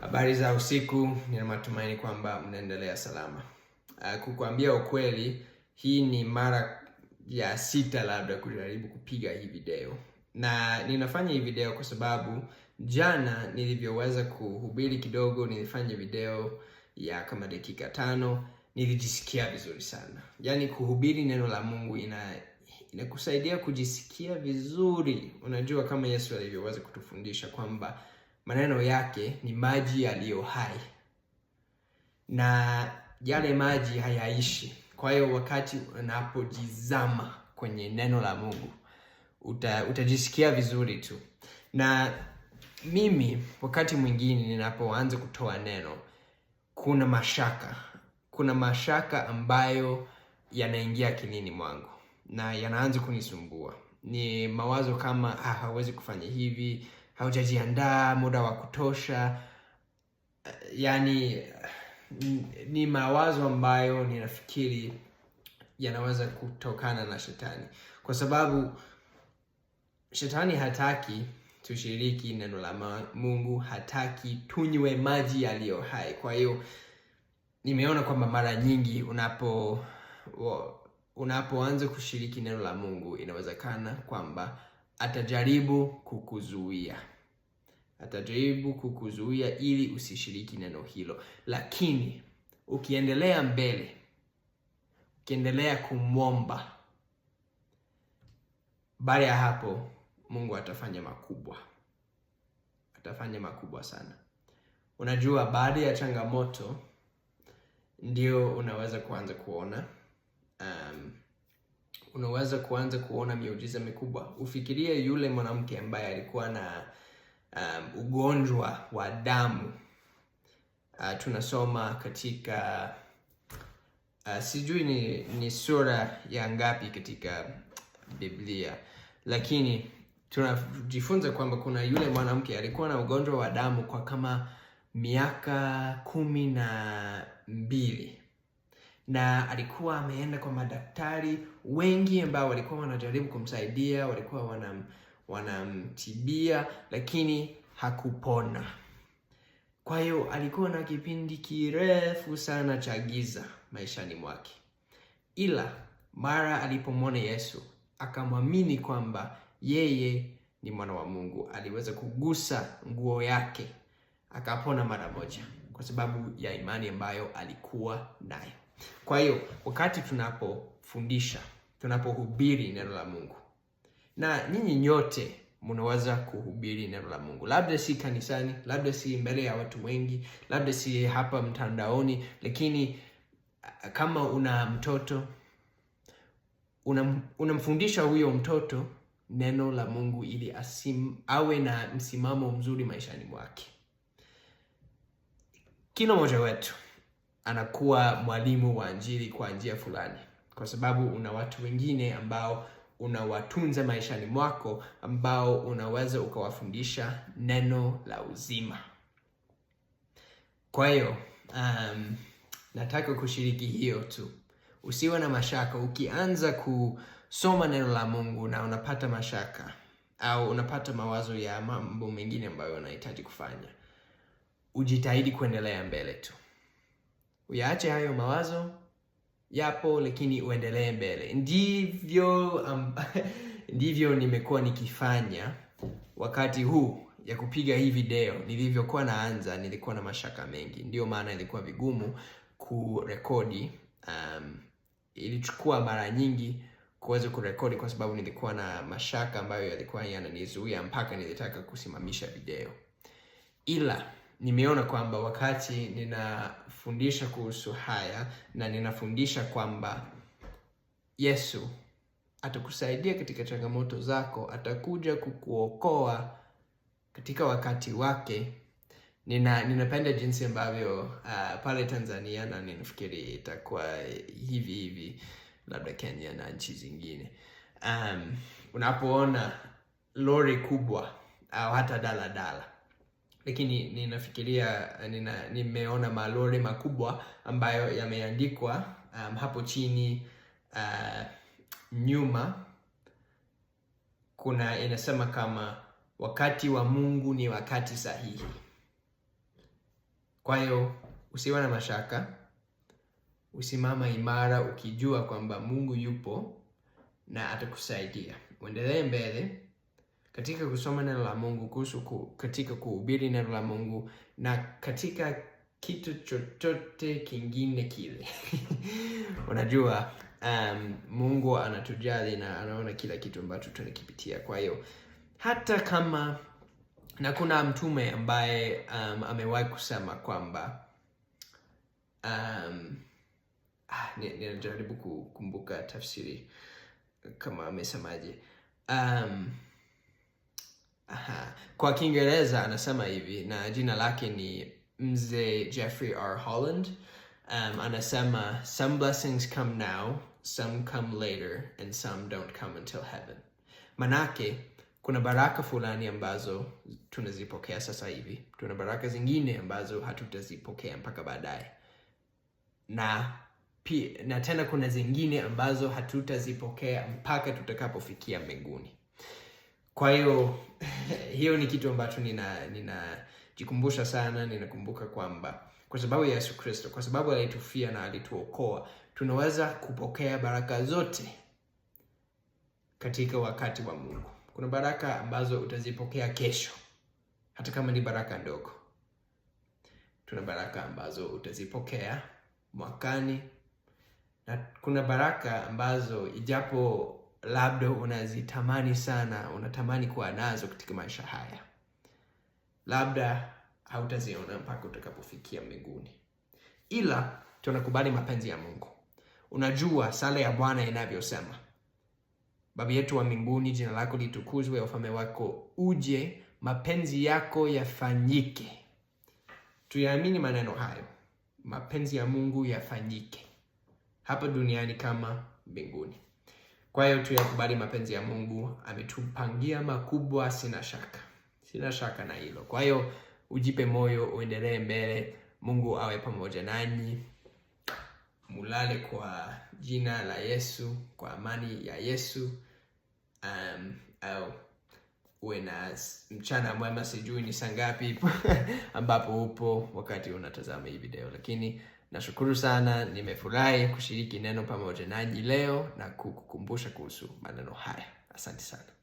Habari za usiku, nina matumaini kwamba mnaendelea salama. Ah, kukuambia ukweli, hii ni mara ya sita labda kujaribu kupiga hii video, na ninafanya hii video kwa sababu jana nilivyoweza kuhubiri kidogo, nilifanya video ya kama dakika tano, nilijisikia vizuri sana. Yaani kuhubiri neno la Mungu ina inakusaidia kujisikia vizuri. Unajua kama Yesu alivyoweza kutufundisha kwamba maneno yake ni maji yaliyo hai, na yale maji hayaishi. Kwa hiyo wakati unapojizama kwenye neno la Mungu uta, utajisikia vizuri tu. Na mimi wakati mwingine ninapoanza kutoa neno, kuna mashaka, kuna mashaka ambayo yanaingia kinini mwangu na yanaanza kunisumbua. Ni mawazo kama ah, hawezi kufanya hivi haujajiandaa muda wa kutosha. Yani ni mawazo ambayo ninafikiri yanaweza kutokana na shetani, kwa sababu shetani hataki tushiriki neno la Mungu, hataki tunywe maji yaliyo hai. Kwa hiyo nimeona kwamba mara nyingi unapo unapoanza kushiriki neno la Mungu inawezekana kwamba atajaribu kukuzuia, atajaribu kukuzuia ili usishiriki neno hilo, lakini ukiendelea mbele, ukiendelea kumwomba, baada ya hapo Mungu atafanya makubwa, atafanya makubwa sana. Unajua, baada ya changamoto ndio unaweza kuanza kuona um, unaweza kuanza kuona miujiza mikubwa. Ufikirie yule mwanamke ambaye alikuwa na um, ugonjwa wa damu uh, tunasoma katika uh, sijui ni, ni sura ya ngapi katika Biblia, lakini tunajifunza kwamba kuna yule mwanamke alikuwa na ugonjwa wa damu kwa kama miaka kumi na mbili na alikuwa ameenda kwa madaktari wengi ambao walikuwa wanajaribu kumsaidia, walikuwa wanam, wanamtibia lakini hakupona. Kwa hiyo alikuwa na kipindi kirefu sana cha giza maishani mwake, ila mara alipomwona Yesu akamwamini kwamba yeye ni mwana wa Mungu, aliweza kugusa nguo yake akapona mara moja, kwa sababu ya imani ambayo alikuwa nayo. Kwa hiyo wakati tunapofundisha, tunapohubiri neno la Mungu, na nyinyi nyote mnaweza kuhubiri neno la Mungu, labda si kanisani, labda si mbele ya watu wengi, labda si hapa mtandaoni, lakini eh, kama una mtoto unamfundisha una huyo mtoto neno la Mungu ili asim, awe na msimamo mzuri maishani mwake. Kila mmoja wetu anakuwa mwalimu wa njiri kwa njia fulani, kwa sababu una watu wengine ambao unawatunza maishani mwako, ambao unaweza ukawafundisha neno la uzima. Kwa hiyo um, nataka kushiriki hiyo tu. Usiwe na mashaka ukianza kusoma neno la Mungu na unapata mashaka au unapata mawazo ya mambo mengine ambayo unahitaji kufanya, ujitahidi kuendelea mbele tu uyaache hayo mawazo yapo, lakini uendelee mbele. Ndivyo um, ndivyo nimekuwa nikifanya wakati huu ya kupiga hii video. Nilivyokuwa naanza, nilikuwa na mashaka mengi, ndio maana ilikuwa vigumu kurekodi. Um, ilichukua mara nyingi kuweza kurekodi kwa sababu nilikuwa na mashaka ambayo yalikuwa yananizuia mpaka nilitaka kusimamisha video ila nimeona kwamba wakati ninafundisha kuhusu haya na ninafundisha kwamba Yesu atakusaidia katika changamoto zako, atakuja kukuokoa katika wakati wake. Nina, ninapenda jinsi ambavyo uh, pale Tanzania na ninafikiri itakuwa hivi hivi labda Kenya na nchi zingine um, unapoona lori kubwa au hata daladala lakini ninafikiria nina, nimeona malori makubwa ambayo yameandikwa um, hapo chini uh, nyuma kuna inasema kama wakati wa Mungu ni wakati sahihi. Kwa hiyo usiwe na mashaka, usimama imara ukijua kwamba Mungu yupo na atakusaidia. Uendelee mbele katika kusoma neno la Mungu, kuhusu ku, katika kuhubiri neno la Mungu na katika kitu chochote kingine kile unajua, um, Mungu anatujali na anaona kila kitu ambacho tunakipitia. Kwa hiyo hata kama na kuna mtume ambaye um, amewahi kusema kwamba um, ah, ninajaribu kukumbuka tafsiri kama amesemaje um, Aha. Kwa Kiingereza anasema hivi na jina lake ni Mzee Jeffrey R. Holland. Um, anasema some blessings come now, some come later and some don't come until heaven. Manake kuna baraka fulani ambazo tunazipokea sasa hivi, tuna baraka zingine ambazo hatutazipokea mpaka baadaye, na pia na tena kuna zingine ambazo hatutazipokea mpaka tutakapofikia mbinguni. Kwa hiyo hiyo ni kitu ambacho nina ninajikumbusha sana, ninakumbuka kwamba kwa sababu ya Yesu Kristo, kwa sababu alitufia na alituokoa, tunaweza kupokea baraka zote katika wakati wa Mungu. Kuna baraka ambazo utazipokea kesho, hata kama ni baraka ndogo. Tuna baraka ambazo utazipokea mwakani, na kuna baraka ambazo ijapo labda unazitamani sana, unatamani kuwa nazo katika maisha haya, labda hautaziona mpaka utakapofikia mbinguni, ila tunakubali mapenzi ya Mungu. Unajua sala ya Bwana inavyosema: Baba yetu wa mbinguni, jina lako litukuzwe, ufalme wako uje, mapenzi yako yafanyike. Tuyaamini maneno hayo, mapenzi ya Mungu yafanyike hapa duniani kama mbinguni. Kwa hiyo tuyakubali mapenzi ya Mungu, ametupangia makubwa, sina shaka, sina shaka na hilo. Kwa hiyo ujipe moyo, uendelee mbele. Mungu awe pamoja nanyi, mulale kwa jina la Yesu, kwa amani ya Yesu. Um, au uwe na mchana mwema, sijui ni saa ngapi ambapo upo wakati unatazama hii video, lakini Nashukuru sana nimefurahi kushiriki neno pamoja naji leo na kukukumbusha kuhusu maneno haya. Asante sana.